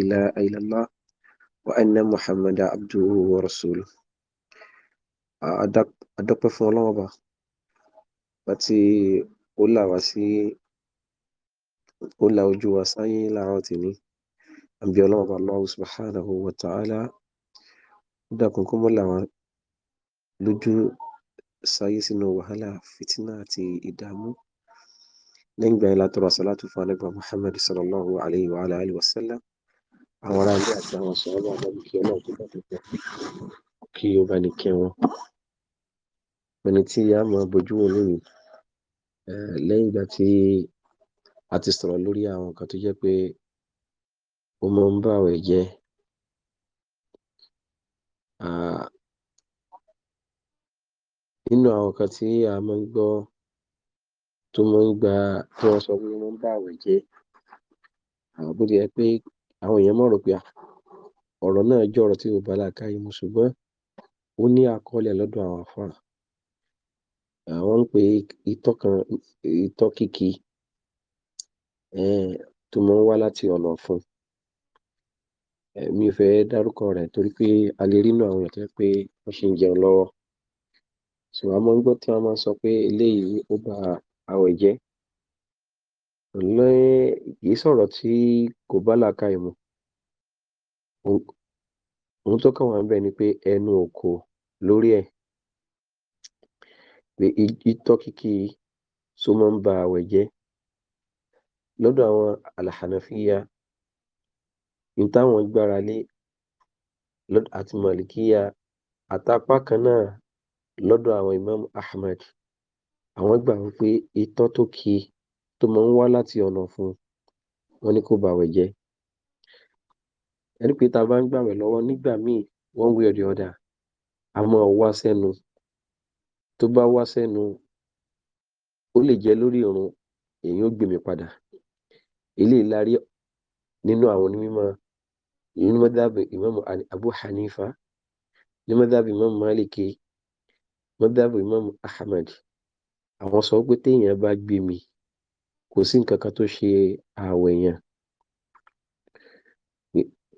إله إلا الله وأن محمدا عبده ورسوله adọ́pẹ́ fún ọlọ́run ọba àti ó là wá sí ó la ojú wa sáyé láàárọ̀ tèmi àbí ọlọ́run ọba Allah subhanahu wa ta'ala ó kó mọ́ lójú sáyé sínú wàhálà fìtínà àti ìdààmú lẹ́yìn ìgbà ilá tọrọ àsàlátù fún anẹ́gbà Muhammad sallallahu alayhi wa alayhi wa sallam àwọn ará ilé àti àwọn sọ̀rọ̀ àbábí kí ọlọ́run tó bá tẹ̀tẹ̀ kí ó bá ní kẹ́ wọn ẹni tí a máa bójú wò lónìí lẹ́yìn ìgbà tí a ti sọ̀rọ̀ lórí àwọn nǹkan tó jẹ́ pé ó máa ń bá àwẹ̀ jẹ́ nínú àwọn nǹkan tí a máa ń gbọ́ tó máa ń gba tí wọ́n sọ pé ó máa ń ba ààwẹ̀ jẹ́ um bó tilẹ̀ jẹ́ pé àwọn èèyàn máa rò pé um ọ̀rọ̀ náà jẹ́ ọ̀rọ̀ tí kò bá làákàyè mu ṣùgbọ́n ó ní àkọọ́lẹ̀ lọ́dọ̀ àwọn àfáà um wọ́n ń pè é itọ́ kan itọ́ kíki um tó máa ń wá láti ọ̀nà ọ̀fun mi ò fẹ́ dárúkọ rẹ̀ torí pé a lè rí nínú àwọn èèyàn tó jẹ́ pé wọ́n ṣì ń jẹun lọ́wọ́ so a máa ń gbọ́ tí wọ́n máa ń sọ pé eléyìí ó ba Àwẹ̀jẹ. Ní kìí sọ̀rọ̀ tí kò bá làákàyè mu. Ohun ohun tó kàn wá ńbẹ̀ ni pé ẹnu òkò lórí ẹ̀. Pé í ìtọ́kíkí ṣó máa ń ba àwẹ̀ jẹ́. Lọ́dọ̀ àwọn Al-Hanafiya, n táwọn gbára lé àti Màlìkíyà àtapá kan náà lọ́dọ̀ àwọn Imam Ahmad. àwọn gbà wí pé itọ́ tó ki tó máa ń wá láti ọ̀nà ọ̀fun wọ́n ní kó bàwẹ̀ jẹ́. Ẹ rí pé tá a bá ń gbàwẹ̀ lọ́wọ́ nígbà míì one way or the other á máa wá sẹ́nu. Tó bá wá sẹ́nu ó lè jẹ́ lórí ìrun èèyàn ó gbèmí padà. Eléyìí la nínú àwọn onímọ̀ ní mọ́dhàbù Imam Abu Hanifa, ní mọ́dhàbù Imam Málíkì, mọ́dhàbù Imam Ahmad àwọn sọ pé téèyàn bá gbé mi kò sí nǹkan kan tó ṣe ààwẹ̀ yẹn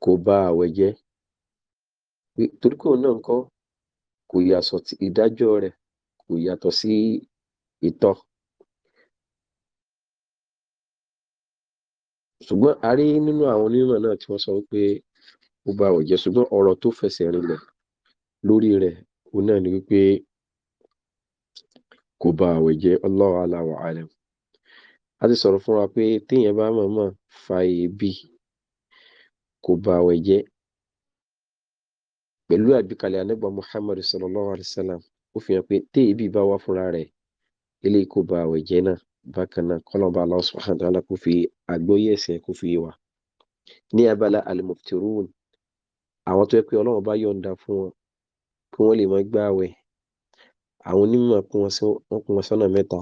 kò ba ààwẹ̀ jẹ́ torí kò náà kọ́ kò yàtọ̀ ìdájọ́ rẹ̀ kò yàtọ̀ sí ìtọ̀ ṣùgbọ́n a rí nínú àwọn onímọ̀ náà tí wọ́n sọ pé ó ba ààwẹ̀ jẹ́ ṣùgbọ́n ọ̀rọ̀ tó fẹsẹ̀ rinlẹ̀ lórí rẹ̀ òun náà ni wípé kó ba àwẹ̀ jẹ́ Allahu a'lam wa a'lam a ti sọ̀rọ̀ fún wa pé téèyàn bá mọ̀ọ́mọ̀ fa èébì kó ba àwẹ̀ jẹ́ pẹ̀lú àgbékalẹ̀ anábọ̀ Muhammad sallallahu alayhi wa sallam ó fi hàn pé téèbì bá wá fúnra rẹ̀ eléyìí kó ba àwẹ̀ jẹ́ náà bákan náà kọ́lọ́ba Allah subhanahu wa fi àgbóyè ẹ̀sìn kó fi wà ní abala al àwọn tó yẹ pé Ọlọ́run bá yọ̀ǹda fún wọn kí wọ́n lè máa gbààwẹ̀ àwọn onímọ̀ pín wọn sí wọ́n pín wọn sọ́nà mẹ́ta.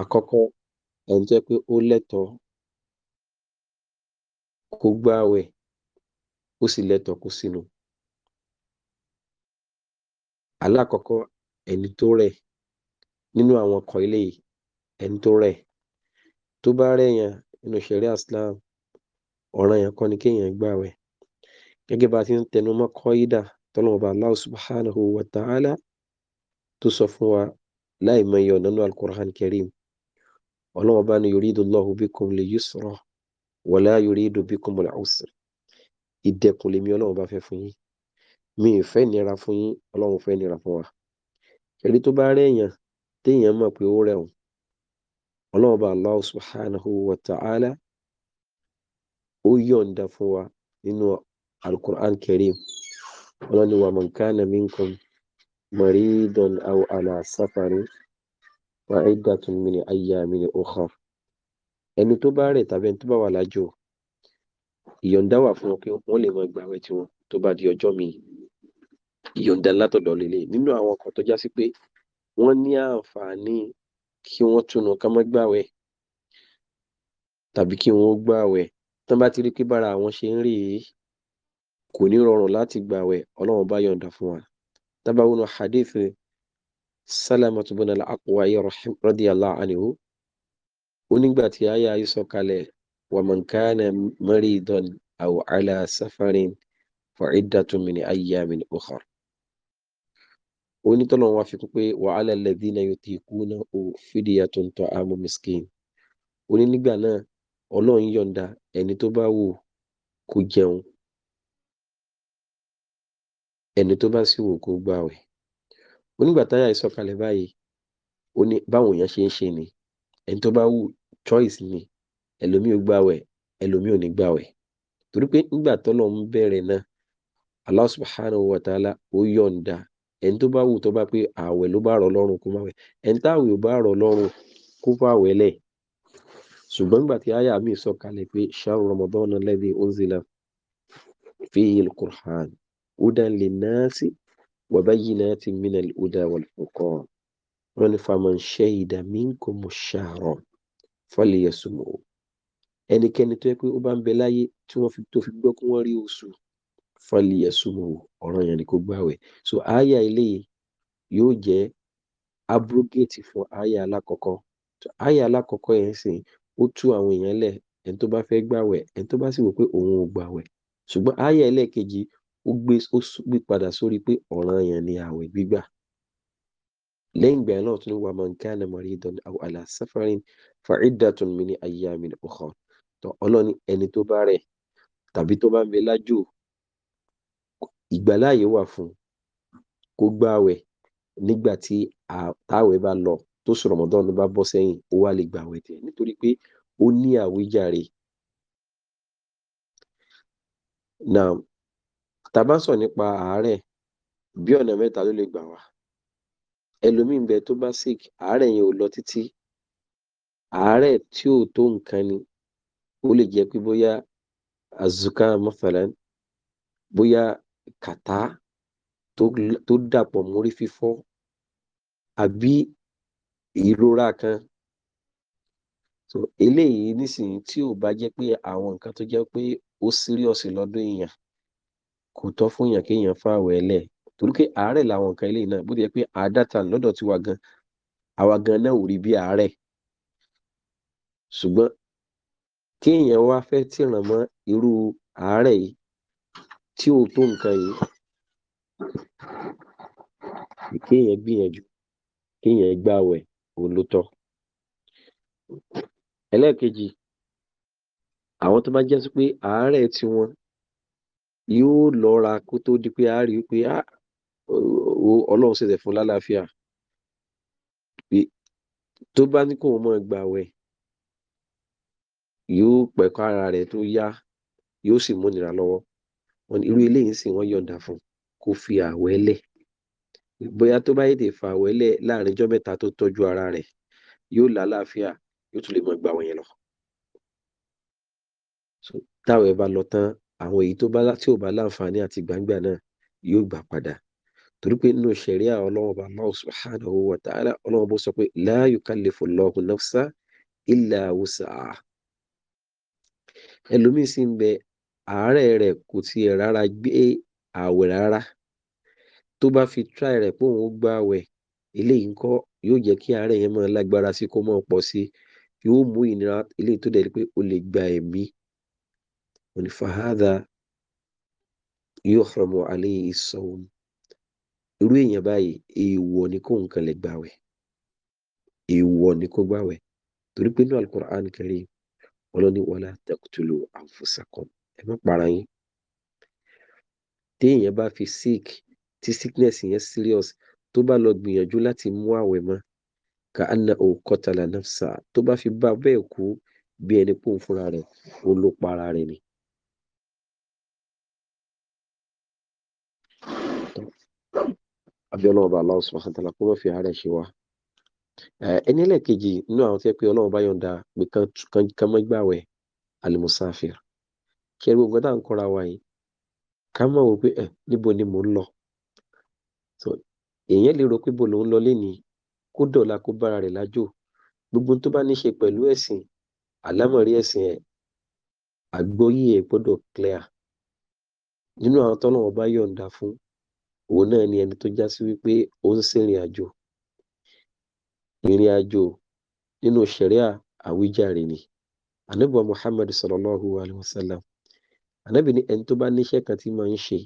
Àkọ́kọ́, ẹni tó jẹ́ pé ó lẹ́tọ̀ọ́ kó gbààwẹ̀, ó sì lẹ́tọ̀ọ́ kó sínu. Alákọ̀ọ́kọ́ ẹni tó rẹ̀ nínú àwọn ikọ̀ eléyìí, ẹni tó rẹ̀. Tó bá rẹ́yàn nínú ṣẹ̀ríà Islam, ọ̀ranyàn kọ́ ni kéèyàn gbààwẹ̀. Gẹ́gẹ́ bá a ti ń tẹnu mọ́ kọ́ídà tọ́lọ́run Ọba Allah subhanahu wa ta'ala tó sọ fún wa láì mọ iye ọ̀nà nínú alukur'an karim ọlọ́wọ́n bá ní yuridu Allahu bikum li yusra wala yuridu bikum al-usr ìdẹ̀kùn lèmi ọlọ́wọ́n bá fẹ́ fún yín mi ì fẹ́ nira fún yín ọlọ́wọ́n fẹ́ nira fún wa ẹ̀rí tó bá rẹ̀ èèyàn téèyàn mọ̀ pé ó rẹ̀wọ̀n ọlọ́wọ́n bá Allah subhanahu wa ta'ala ó yọ̀ǹda fún wa nínú alukur'an karim ọlọ́ni wa man kana minkum. مريض أو على سفر وعدة من أيام أخر ẹni tó bá rẹ̀ tàbí ẹni tó bá wà lájò ìyọ̀ǹda wà fún wọn pé wọ́n lè mọ ìgbàwẹ̀ tiwọn tó bá di ọjọ́ mi ìyọ̀ǹda látọ̀dọ̀ lélẹ̀ nínú àwọn ọkọ̀ tó já sí pé wọ́n ní àǹfààní kí wọ́n túnu ká má gbàwẹ̀ tàbí kí wọ́n gbàwẹ̀ tán bá ti rí pé bára àwọn ṣe ń rí kò ní rọrùn láti gbàwẹ̀ ọlọ́run bá yọ̀ǹda fún wa tabawunu hadith salamat bin al-aqwa'i radiyallahu anhu onígbà tí aya yìí sọ̀kalẹ̀ wa man kana maridan aw ala safarin fa iddatun min ayyamin ukhra onítọ̀nà wa fi kún pé wa ala alladhina yutiquna fidyatun ta'amu miskin oní nígbà náà ọlọ́run yọ̀ǹda ẹni tó bá wù kó jẹun ẹni tó bá sì wò kó gbààwẹ̀ onígbà táyà ìsọ̀kalẹ̀ báyìí ó ní báwọn èèyàn ṣe ń ṣe ni ẹni tó bá wù choice ni ẹlòmíì ò gbààwẹ̀ ẹlòmíì ò ní gbààwẹ̀ torí pé nígbà tọ́lọ̀ ń bẹ̀rẹ̀ náà Allah subhanahu wa ta'ala ó yọ̀ǹda ẹni tó bá wù tó bá pé ààwẹ̀ ló bá rọ̀ lọ́rùn kó má wẹ̀ ẹni táwẹ̀ ò bá rọ̀ lọ́rùn kó bá wẹ̀ lẹ̀ ṣùgbọ́n nígbà tí àyà mi sọ̀kalẹ̀ pé ṣàrù Ramadan alladhi unzila fihi al-Qur'an هدى للناس وبينات من الهدى والفرقان wọn فمن شهد منكم الشهر فليصمه ẹnikẹ́ni tó yẹ pé ó bá ń bẹ láyé tí wọ́n fi tó fi gbọ́ kí wọ́n rí oṣù fọlìyẹsùmọ ọ̀ràn yẹn ni kó gbààwẹ̀ so àyà eléyìí yóò jẹ́ abrogate fún àyà alákọ̀ọ́kọ́ àyà alákọ̀ọ́kọ́ yẹn sìn ó tú àwọn èèyàn lẹ̀ ẹni tó bá fẹ́ gbààwẹ̀ ẹni tó bá sì wò pé òun ò gbààwẹ̀ ṣùgbọ́n àyà ẹlẹ́ẹ̀kejì ó gbé ó gbé padà sórí pé ọ̀ranyàn ni ààwẹ̀ gbígbà lẹ́yìn ìgbà náà tún wà man kana maridan aw ala safarin fa iddatun min ayyamin ukhar tó ọlọ́ni ẹni tó bá rẹ̀ tàbí tó bá ń bẹ lájò ìgbàláàyè wà fún kó gbààwẹ̀ nígbà tí táwẹ̀ bá lọ tó sọ Ramadan bá bọ́ sẹ́yìn ó wá lè gbààwẹ̀ tẹ̀ nítorí pé ó ní àwíjàre. Now, tá a bá sọ̀rọ̀ nípa àárẹ̀ bí ọ̀nà mẹ́ta ló lè gbà wá ẹlòmíì ń bẹ tó bá sick àárẹ̀ yẹn ò lọ títí àárẹ̀ tí ò tó nǹkan ni ó lè jẹ́ pé bóyá azuka mafalan bóyá kàtá tó dàpọ̀ mórí fífọ́ àbí ìrora kan so eléyìí nísìnyí tí ò bá jẹ́ pé àwọn nǹkan tó jẹ́ pé ó serious lọ́dọ̀ èèyàn kò tọ́ fún yàn kéèyàn fáwẹ̀ ẹlẹ̀ torí pé àárẹ̀ làwọn nǹkan eléyìí náà bó ti yẹ pé àádáta lọ́dọ̀ tiwa gan àwa gan náà ò rí bí àárẹ̀ ṣùgbọ́n kéèyàn wá fẹ́ tìràn mọ́ irú àárẹ̀ yìí tí ò tó nǹkan yìí kéèyàn gbìyànjú kéèyàn gbàwẹ̀ òun ló ẹlẹ́ẹ̀kejì àwọn tó bá jẹ́ sí pé àárẹ̀ tiwọn yóò lọ́ra kó tó di pé a rí i pé ah, ọlọ́run ṣẹ̀ṣẹ̀ fún lálàáfíà tó bá ní kó o mọ̀ gbàwẹ̀ yóò pẹ̀kọ́ ara rẹ̀ tó yá yóò sì múnira lọ́wọ́ irú eléyìí sì wọ́n yọ̀ǹda fún kó fi àwẹ̀ lẹ̀ bóyá tó bá yètè fa àwẹ̀ láàrin ijọ́ mẹ́ta tó tọ́jú ara rẹ̀ yóò lálàáfíà yóò tún lè mọ̀ gbàwẹ̀ yẹn lọ táwẹ̀ bá lọ tán àwọn èyí tó bá tí ò bá láǹfààní àti gbangba náà yóò gbà padà torí pé nínú ṣẹ̀ríà ọlọ́run bá Allah subhanahu wa ta'ala ọlọ́run bó sọ pé la yukallifu Allahu nafsa illa wus'aha ẹlòmíín sì ń bẹ àárẹ̀ rẹ̀ kò tiẹ̀ rárá gbé ààwẹ̀ rárá tó bá fi try rẹ̀ pé òun gba ààwẹ̀ eléyìí ń kọ́ yóò jẹ́ kí àárẹ̀ yẹn máa lágbára sí kó máa pọ̀ sí yóò mú ìnira eléyìí tó dẹ̀ pé ó lè gba ẹ̀mí فهذا يحرم عليه الصوم irú èèyàn báyìí èèwọ̀ ni kó nǹkan lè gbàwẹ̀ èèwọ̀ ni kó gbàwẹ̀ torí pé ní alukur'an karim ọlọ́ni wala taqtulu anfusakum ẹ má para yín téèyàn bá fi sick tí sickness yẹn serious tó bá lọ gbìyànjú láti mú àwẹ̀ mọ́ ka anna o qatala nafsa tó bá fi bá bẹ́ẹ̀ kú bí ẹni pòun fúnra rẹ̀ ó ló para rẹ̀ ni. àbí ọlọ́run bá aláwọ̀ sọ̀rọ̀ àtàlà kó má fi àárẹ̀ ṣe wá. ẹni ẹlẹ́ẹ̀kejì inú àwọn tí wọ́n pe ọlọ́run bá yọ̀ǹda pé kán mọ́ gbàwẹ̀ alimusafir kí ẹrú ogun táwọn kọ́ra wa yìí ká mọ̀ wò pé ẹ̀ níbo ni mò ń lọ. èèyàn lè rò pé bò lòun lọ lénìí kó dọ̀la kó bára rẹ̀ lájò gbogbo tó bá ní ṣe pẹ̀lú ẹ̀sìn àlámọ̀rí ẹ̀sìn ẹ̀ àgbọ́yé ẹ̀ gbọ́dọ̀ clear nínú àwọn tọ́lọ́wọ́ bá yọ̀ǹda fún òun náà ni ẹni tó já sí wípé ó ń sìnrìn àjò ìrìn àjò nínú ṣẹ̀ríà àwíjàre ni ànábì wa Muhammad sallallahu alayhi wa sallam ànábì ni ẹni tó bá níṣẹ́ kan tí máa ń ṣe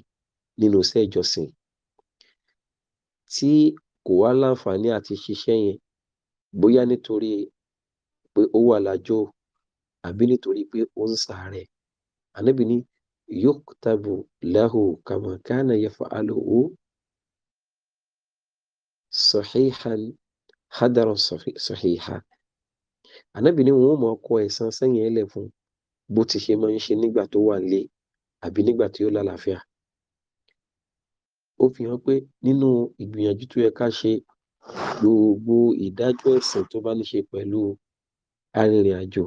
nínú iṣẹ́ ìjọsìn tí kò wá láǹfààní àti ṣiṣẹ́ yẹn bóyá nítorí pé ó wà lájò àbí nítorí pé ó ń ṣàárẹ̀ ànábì ni yuktabu lahu kama kana yaf'aluhu sahihan hadaran sahiha anabi ni wọn mọ ọkọ ẹ̀san sẹ́yìn ẹlẹ fún bó ti ṣe máa ń ṣe nígbà tó wà nílé àbí nígbà tí ó lálàáfíà ó fi hàn pé nínú ìgbìyànjú tó yẹ ká ṣe gbogbo ìdájọ́ ẹ̀sìn tó bá ní ṣe pẹ̀lú arìnrìn àjò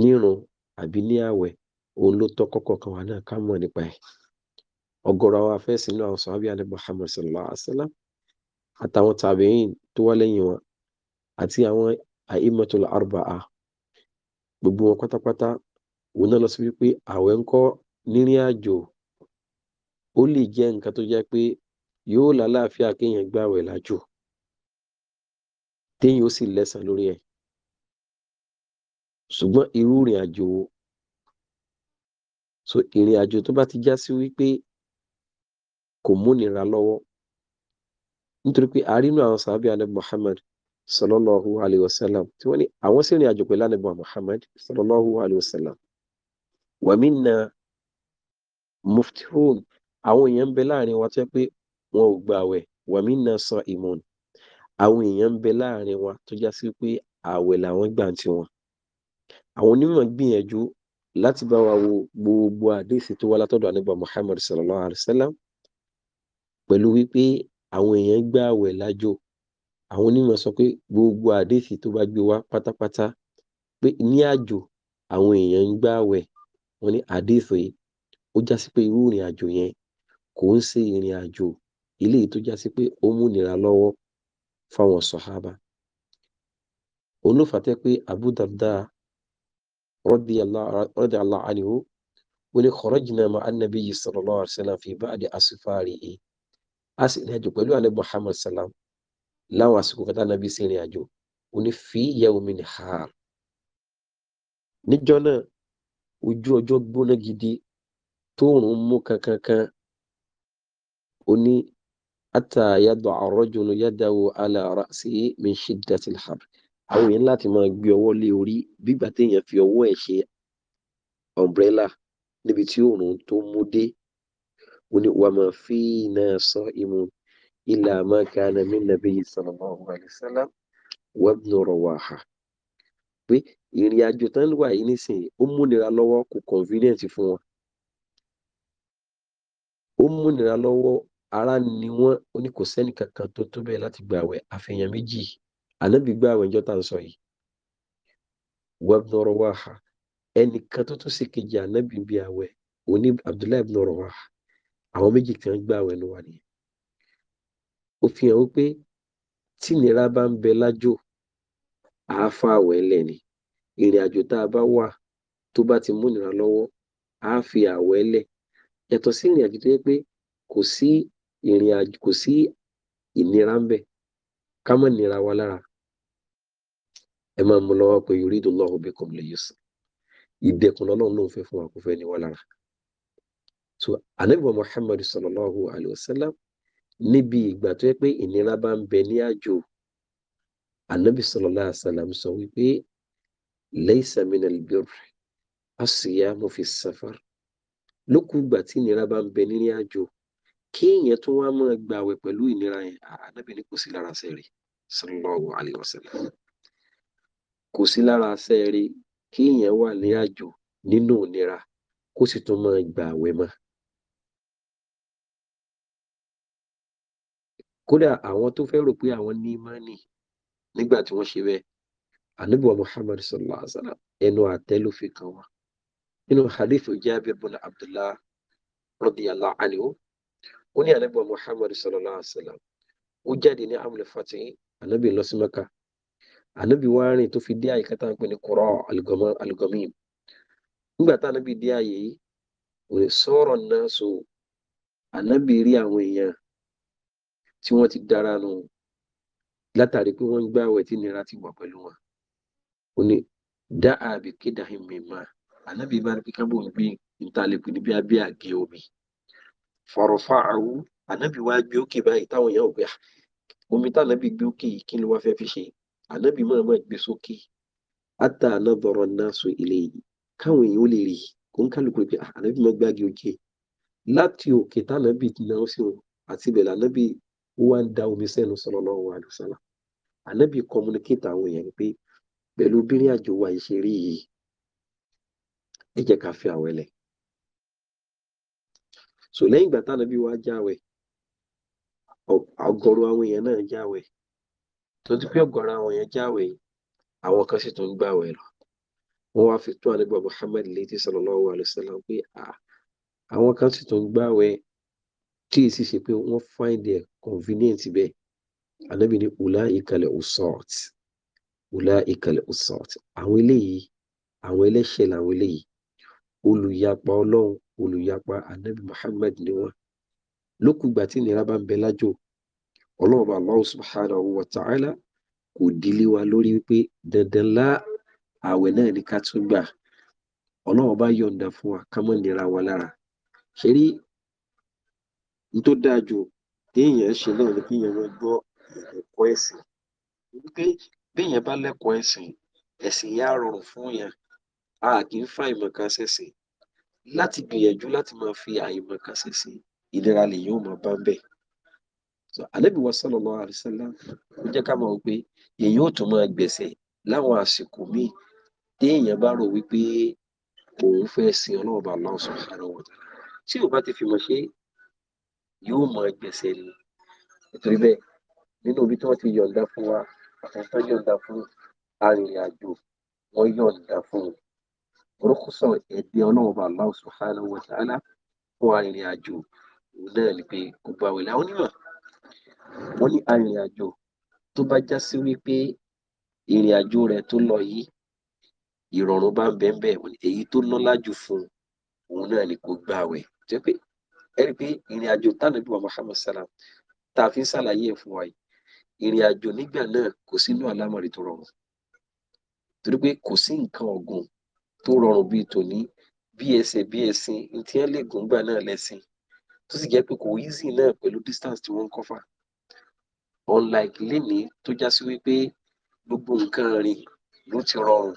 nírun àbí ní ààwẹ̀ òun ló tọ́ kọ́kọ́kan wa náà ká mọ̀ nípa ẹ̀ ọ̀gọ̀rọ̀ àwọn afẹ́sìn náà àwọn sọ̀hábí alẹ́ Muhammad sallallahu alaihi wa sallam àtàwọn tàbíyìn tó wá lẹ́yìn wọn àti àwọn àìmọ̀tò arba'a gbogbo wọn pátápátá òun náà lọ sí wípé àwẹ̀ ń kọ́ nírìn àjò ó lè jẹ́ nǹkan tó jẹ́ pé yóò lálàáfíà kéèyàn gbàwẹ̀ lájò téèyàn ó sì lẹ́sàn lórí ẹ̀ ṣùgbọ́n irú ìrìn àjò so ìrìn àjò tó bá ti já sí wípé kò múnira lọ́wọ́ nítorí pé àárínú àwọn sàábì alẹ́ Muhammad sallallahu alayhi wa sallam tí wọ́n ní àwọn sì rìn àjò pẹ̀lú ànábì Muhammad sallallahu alayhi wa sallam wa minna muftihun àwọn èèyàn ń bẹ láàrin wa tó yẹ pé wọn ò gbààwẹ̀ wa minna sa'imun àwọn èèyàn ń bẹ láàrin wa tó já sí pé ààwẹ̀ làwọn gbà tiwọn àwọn onímọ̀ gbìyànjú láti bá wa wo gbogbo àdéhìsí tó wá látọ̀dọ̀ àníbà Muhammad sallallahu alayhi wa sallam pẹ̀lú wípé àwọn èèyàn gbà àwẹ̀ lájò àwọn onímọ̀ sọ pé gbogbo àdéhìsí tó bá gbé wá pátápátá pé ní àjò àwọn èèyàn ń gbà àwẹ̀ wọn ní àdéhìsí yìí ó já sí pé irú ìrìn àjò yẹn kò ń ṣe ìrìn àjò eléyìí tó já sí pé ó mú nira lọ́wọ́ fáwọn sọ̀hábà òun pé Abu Darda radiyallahu anhu ó ní kharajna ma'a an-nabiyyi sallallahu alaihi wasallam fi ba'di asfarihi a sì ní àjò pẹ̀lú àlẹ́ Muhammad salam láwọn àsìkò kẹta nàbí sí ìrìn àjò ó ní fi yawmin har níjọ́ náà ojú ọjọ́ gbóná gidi tóòrùn mú kankankan ó ní hatta yada'a ar-rajulu yadahu ala ra'sihi min shiddati al-har àwọn èèyàn láti máa gbé ọwọ́ lé orí bígbà téèyàn fi ọwọ́ ẹ̀ ṣe umbrella níbi tí oòrùn tó mú dé ó ní wàá máa fi iná sọ ìmú ilà máa ka anamí nàbí sallallahu alaihi wasallam wa pé ìrìn àjò tán wà yìí nísìnyí ó múnira lọ́wọ́ kò convenient fún wọn ó múnira lọ́wọ́ ara ni wọ́n ó kankan tó tó bẹ́ẹ̀ láti gbààwẹ̀ àfẹ̀yàn méjì ànábì gbà àwọn ìjọ tá à ń sọ yìí wabnu Rawaha ẹnìkan tó tún sì kejì ànábì bíi àwẹ̀ òní Abdullahi ibn Rawaha àwọn méjì kan gbà àwẹ̀ ló wà nìyẹn ó fi hàn wípé tí ìnira bá ń bẹ lájò àáfà àwẹ̀ lẹ̀ ni ìrìn àjò tá a bá wà tó bá ti mú ìnira lọ́wọ́ á fi àwẹ̀ lẹ̀ sí ìrìn àjò tó yẹ pé kò sí ìnira ń bẹ ká má nira wa lára ẹ máa mú lọ́wọ́ pé yuridullahu bikum al-yusra ìdẹ̀kùn lọ́lọ́run ló ń fẹ́ fún wa kó fẹ́ ní wa lára so anabiwa muhammadu sallallahu alayhi wa sallam níbi ìgbà tó yẹ pé ìnira bá ń bẹ ní àjò anabi sallallahu alayhi wa sallam sọ wípé laysa minal birri asiyamu fi safar lókùú ìgbà tí ìnira bá ń bẹ nínú àjò kéèyàn tó wá máa gbàwẹ̀ pẹ̀lú ìnira yẹn anabi ní kò sí lára sẹ́rì sallallahu alayhi wa sallam kò sí lára sẹ́ẹ̀rí kí èèyàn wà ní àjò nínú ìnira kó sì tún máa gbà àwẹ̀ mọ́. kódà àwọn tó fẹ́ rò pé àwọn ní mánì nígbà tí wọ́n ṣe bẹ́ẹ̀ ànábì muhammad sallallahu alaihi wa sallam ẹnu àtẹ́ ló fi kàn wọ́n nínú hadith jabir bin abdullah radiyallahu anhu ó ní ànábì muhammad sallallahu alaihi wa sallam ó jáde ní amúlẹ̀ fatih lọ sí mẹ́ka ànábì wá rìn tó fi dé àyíká tá à ń pè ní kúrọ alugọmíìm nígbà tá ànábì dé àyè yìí òní sọ̀rọ̀ náà so ànábì rí àwọn èèyàn tí wọ́n ti dára nù látàrí pé wọ́n ń gbá àwẹ̀ tí nira ti wà pẹ̀lú wọn òní dá àbí kéde àhìnmí máa ànábì bá rí pé kábò ń gbé ìtàlẹ̀kùn níbi abẹ́ àgé omi fọ̀rọ̀fà àwù ànábì wá gbé òkè báyìí táwọn èèyàn ò gbé ah, omi táwọn ànábì gbé òkè yìí kí ló wá fẹ́ fi ṣe é ànábì máa máa gbé sókè átà anábọ̀rọ̀ náà sọ ilé yìí káwọn èèyàn ó lè rí kó ń kálukú pé ah, ànábì máa gbági òkè láti òkè tánàbì náà sí wọn àti ìbẹ̀lẹ̀ ànábì ó wá ń da omi sẹ́nu sallallahu alaihi wasallam ànábì communicate àwọn èèyàn pé pẹ̀lú bírin àjò wa ìṣeré yìí ẹ jẹ́ ká fi àwẹ̀ lẹ̀ so lẹ́yìn ìgbà tánàbì wá jáwẹ̀ ọ̀gọ̀rọ̀ àwọn èèyàn náà jáwẹ̀ tó ti pé ọ̀gọ̀rọ̀ àwọn èèyàn jáwé àwọn kan sì tún gbàwẹ̀ lọ wọ́n wá fi tó ànígbà Muhammad létí sallallahu alaihi wasallam pé àwọn kan sì tún gbàwẹ̀ tí èsì ṣe pé wọ́n find their convenient bẹ́ẹ̀ ànábì ní ula ìkàlẹ̀ usort ula ìkàlẹ̀ usort àwọn eléyìí àwọn ẹlẹ́ṣẹ̀ làwọn eléyìí olùyapa ọlọ́run olùyapa ànábì Muhammad ni wọ́n lókùgbà tí ìnira bá ń bẹ lájò ọlọ́ọ̀bà Allah subhanahu wa ta'ala kò dílé wa lórí wípé dandan lá ààwẹ̀ náà ní ká tún gbà ọlọ́ọ̀bá yọ̀ǹda fún wa ká mọ́ nira wa lára ṣe rí n tó dáa jù téèyàn ṣe náà ni kéèyàn máa gbọ́ ẹ̀kọ́ ẹ̀sìn wípé béèyàn bá lẹ́kọ̀ọ́ ẹ̀sìn ẹ̀sìn yá rọrùn fún yàn a kì í fa ìmọ̀kan ṣẹ̀sìn láti gbìyànjú láti máa fi àìmọ̀kan ṣẹ̀sìn ìlera lèyìn ò máa bá ń bẹ̀ so anabi wa sallallahu alayhi wa sallam ó jẹ́ ká mọ̀ pé èyí ò tún máa gbẹ̀sẹ̀ láwọn àsìkò míì téèyàn bá rò wípé òun fẹ́ sin ọlọ́run bá Allah subhanahu tí ò bá ti fi mọ̀ ṣe yóò máa gbẹ̀sẹ̀ ni nítorí bẹ́ẹ̀ nínú ibi tí wọ́n ti yọ̀ǹda fún wa àtúntò yọ̀ǹda fún arìnrìn-àjò wọ́n yọ̀ǹda fún un orúkúsọ ẹ̀dẹ́ ọlọ́run bá Allah subhanahu wa fún arìnrìn náà ni pé kò gbàwé láwọn onímọ̀ wọ́n ní arìnrìnàjò tó bá já sí wípé ìrìn àjò rẹ̀ tó lọ yìí ìrọ̀rùn bá ń bẹ́ẹ̀ bẹ́ẹ̀ èyí tó lọ́lá jù fún un òun náà ni kò gbà wẹ̀ jẹ́ pé ẹ rí i pé ìrìn àjò tánàbí wa Muhammad salam tá a fi ń ṣàlàyé ẹ̀ fún wa yìí ìrìn àjò nígbà náà kò sínú àlámọ̀rí tó rọrùn torí pé kò sí nǹkan ọ̀gùn tó rọrùn bíi tòní bí ẹsẹ̀ bí ẹ̀sìn ntí ẹ̀ lè gùn gbà náà lẹ́sìn tó sì jẹ́ pé kò easy náà pẹ̀lú distance tí wọ́n ń kọ́fà unlike lénìí tó já sí wípé gbogbo nǹkan rìn ló ti rọrùn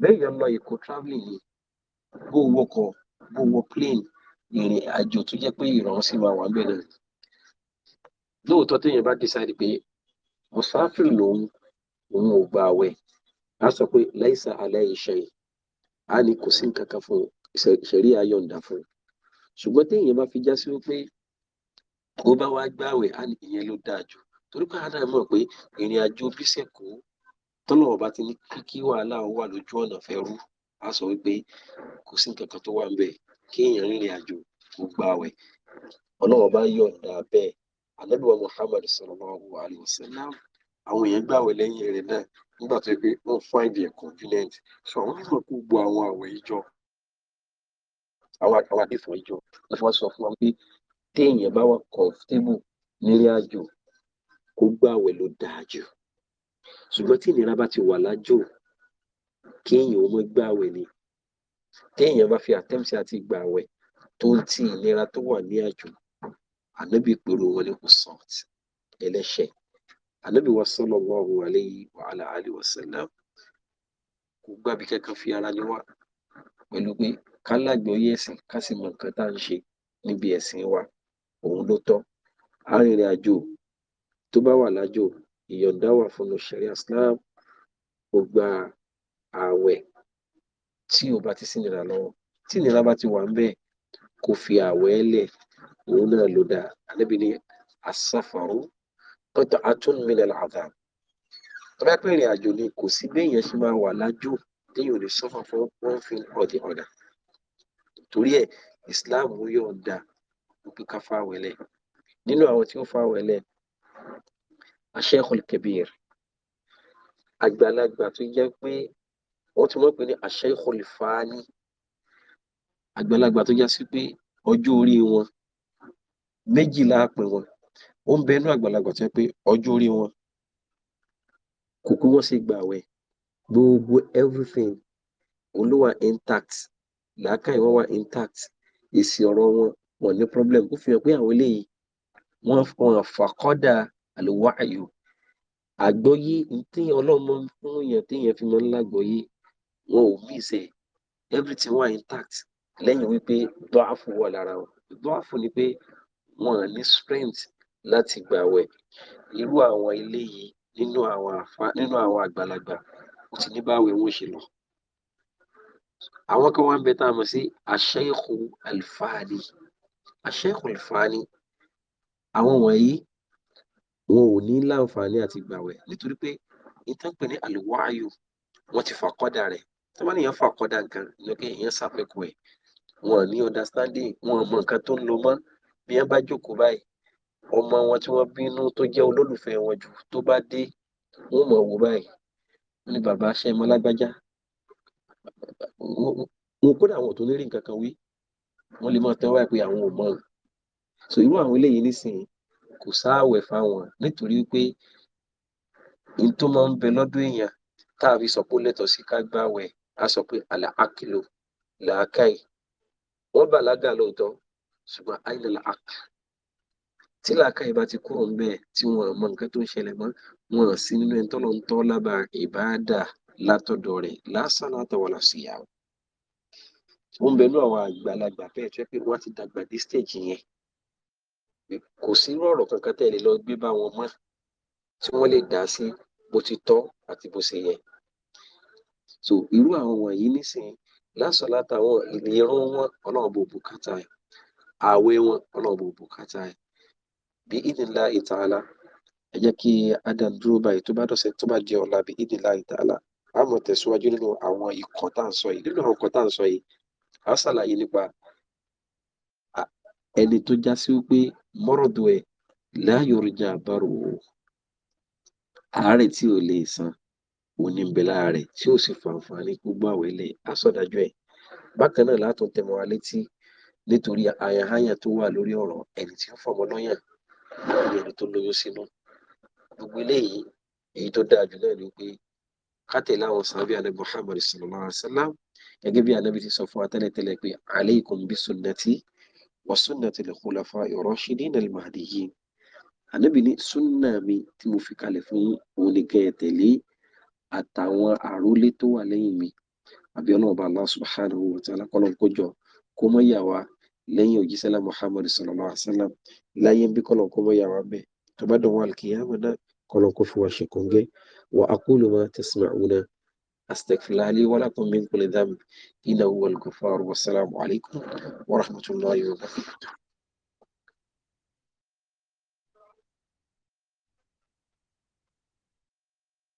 béèyàn lọ èkó travelling yìí bó wọkọ̀ bó wọ plane ìrìn àjò tó jẹ́ pé ìrọ̀rùn sì máa wà ń bẹ̀rẹ̀ lóòótọ́ téèyàn bá decide pé mùsáfìrì lòun òun ò gba àwẹ̀ á sọ pé láìsà alẹ́ iṣẹ́ yìí á ní kò sí nǹkan kan fún ìṣẹ̀rí ayọ̀ǹda fún un ṣùgbọ́n téèyàn bá fi já sí wípé k'ó bá wá gbààwẹ̀ á ní ìyẹn ló dáa jù torí pé àádá mọ̀ pé ìrìn àjò kó tọ́lọ̀ ọba ti ní kí wàhálà wà lójú ọ̀nà fẹ́ rú á sọ wípé kò sí nǹkan kan tó wà ń kéèyàn rìnrìn àjò kó ọlọ́wọ́ bá bẹ́ẹ̀ wa àwọn èèyàn gbààwẹ̀ lẹ́yìn rẹ̀ náà nígbà tó pé wọ́n àwọn téèyàn bá wà comfortable nírìn àjò kó gbààwẹ̀ ló dáa jù ṣùgbọ́n tí ìnira bá ti wà lájò kéèyàn ó mọ́ gbààwẹ̀ ni téèyàn bá fi attempt àti gbààwẹ̀ tó ń ti ìnira tó wà ní àjò ànábì pèrò wọn ní consult ẹlẹ́ṣẹ̀ ànábì wa sallallahu alayhi wa ala alihi wa sallam kò gbàbí kankan fi ara ni wá pẹ̀lú pé ká lágbóyè ẹ̀sìn ká sì mọ nǹkan tá à ń ṣe níbi ẹ̀sìn wa òun ló tọ́ arìnrìnàjò tó bá wà lájò ìyọ̀ǹda wà fún ṣẹ̀ríà Islam kó gba ààwẹ̀ tí ò bá ti sí ìnira lọ́wọ́ tí ìnira bá ti wà ń bẹ̀ kó fi ààwẹ̀ lẹ̀ òun náà ló dáa Ànábì ní asáfàrú pẹ̀tọ́ atúnmílẹ̀ làdá tó pé ìrìn àjò ni kò sí béèyàn ṣe máa wà lájò téèyàn ò lè sọ́fà fún one thing or the torí ẹ̀ Islam yọ̀ǹda kíkà fa wẹ̀lẹ̀ nínú àwọn tí ó fa wẹ̀lẹ̀ Asheikhul àgbàlagbà tó jẹ́ pé wọ́n ti wọ́n pè ní Asheikhul àgbàlagbà tó já sí pé ọjọ́ orí wọn méjìlá pè wọn ó ń bẹnu àgbàlagbà tó jẹ́ pé ọjọ́ orí wọn kò kú wọ́n sì gbààwẹ̀ gbogbo everything olówà intact làákàyè wọn wà intact èsì ọ̀rọ̀ wọn wọn ní problem ó fi hàn pé àwọn eléyìí wọn wọn fàkọ́dà àlùwáàyò àgbọ́yé tí ọlọ́run máa ń fún èèyàn téèyàn fi máa ń lágbọ́yé wọn ò mí ìṣe everything wà intact lẹ́yìn wípé dọ́àfù wà lára wọn dọ́àfù ni pé wọn à ní strength láti gbàwẹ̀ irú àwọn eléyìí nínú àwọn àfa nínú àwọn àgbàlagbà ó ti ní báwẹ̀ wọn ṣe lọ àwọn kan wá ń bẹ tá a mọ̀ sí àṣẹ́yìnkù àlùfáàdì àṣẹ́kù ìfani àwọn wọ̀nyí wọn ò ní láǹfààní àti gbàwẹ̀ nítorí pé ìtàn pè ní àlùwáàyò wọn ti fàkọ́dà rẹ̀ tó bá nìyẹn fàkọ́dà nǹkan lókè èèyàn ṣàpẹkù ẹ̀ wọn ní understanding wọn mọ nǹkan tó ń lọ mọ́ bí wọ́n bá jókòó báyìí ọmọ wọn tí wọ́n bínú tó jẹ́ olólùfẹ́ wọn jù tó bá dé wọn mọ̀ wò báyìí ní bàbá aṣẹ́ mọ́lágbájá wọn kódà wọn tó ní rí nǹkan kan wí wọ́n lè mọ̀ tẹ́wọ́ báyìí pé àwọn ò mọ̀ so irú àwọn eléyìí nísìnyí kò sáàwẹ̀ fáwọn nítorí pé n tó máa ń bẹ lọ́dọ̀ èèyàn tá a fi sọ pé ó lẹ́tọ̀ọ́ sí ká gbàwẹ̀ a sọ pé àlà àkìlò làákàyè wọ́n bàlágà lóòótọ́ ṣùgbọ́n àìlèlà àkà tí làákàyè bá ti kúrò ń bẹ́ẹ̀ tí wọ́n mọ nǹkan tó ń ṣẹlẹ̀ mọ́ wọn sí nínú ẹni tọ́lọ́ lábàá ìbáàdà látọ̀dọ̀ rẹ̀ lásán látọ̀wọ̀ làṣìyàwó ó ń bẹnu àwọn àgbàlagbà bẹ́ẹ̀ tó yẹ pé wọ́n ti dàgbà dé stage yẹn kò sí rọ̀rọ̀ kankan tẹ̀lé lọ gbé bá wọn mọ́ tí wọ́n lè dá sí bó ti tọ́ àti bó ṣe yẹ so irú àwọn wọ̀nyí nísìnyí lásán látàwọn ìrún wọn ọlọ́run bò bùkátà ẹ̀ ààwẹ̀ wọn ọlọ́run bò bùkátà ẹ̀ bí ìdìlá ìtàlá ẹ jẹ́ kí adam dúró báyìí tó bá dọ̀sẹ̀ tó bá jẹ́ ọ̀la bí ìdìlá ìtàlá àmọ̀ tẹ̀síwájú nínú àwọn ikọ̀ tá à ń sọ yìí nínú àwọn ikọ̀ tá à ń sọ yìí á ṣàlàyé nípa ẹni tó já sí wípé mọ́rọ̀dù ẹ̀ láyòrìjà àbárò àárẹ̀ tí ò lè san òní ń bẹ lára rẹ̀ tí ó sì fàǹfààní gbogbo àwẹ̀lẹ̀ àsọdájọ́ ẹ̀ bákan náà látún tẹmọ wa létí nítorí ayaháyà tó wà lórí ọ̀rọ̀ ẹni tí ó fọmọ lọ́yàn lórí ẹni tó lóyún sínú gbogbo eléyìí èyí tó dáa jù náà ni pé ká tẹ̀lé àwọn sàbí alẹ́ sallallahu alaihi wa sallam gẹ́gẹ́ bí anabi ti sọ fún wa tẹ́lẹ̀tẹ́lẹ̀ pé aleikum bi sunnati wa sunnati lil khulafa irashidin al mahdiyyin anabi ní sunna mi tí mo fi kalẹ̀ fún òun ni kẹ́ ẹ tẹ̀lé àtàwọn àrólé tó wà lẹ́yìn mi àbí ọlọ́run bá Allah subhanahu wa ta'ala kọ́lọ́n kójọ kó mọ́ yà lẹ́yìn òjísẹ́lá Muhammad sallallahu alaihi wasallam láyé bí kọ́lọ́n kó mọ́ yà bá dọ̀wọ́ alkiyama náà kọ́lọ́n kó fi ṣe kóńgẹ́ wa aqulu ma tasma'una. أستغفر الله لي ولكم من كل ذنب إنه هو الغفار والسلام عليكم ورحمة الله وبركاته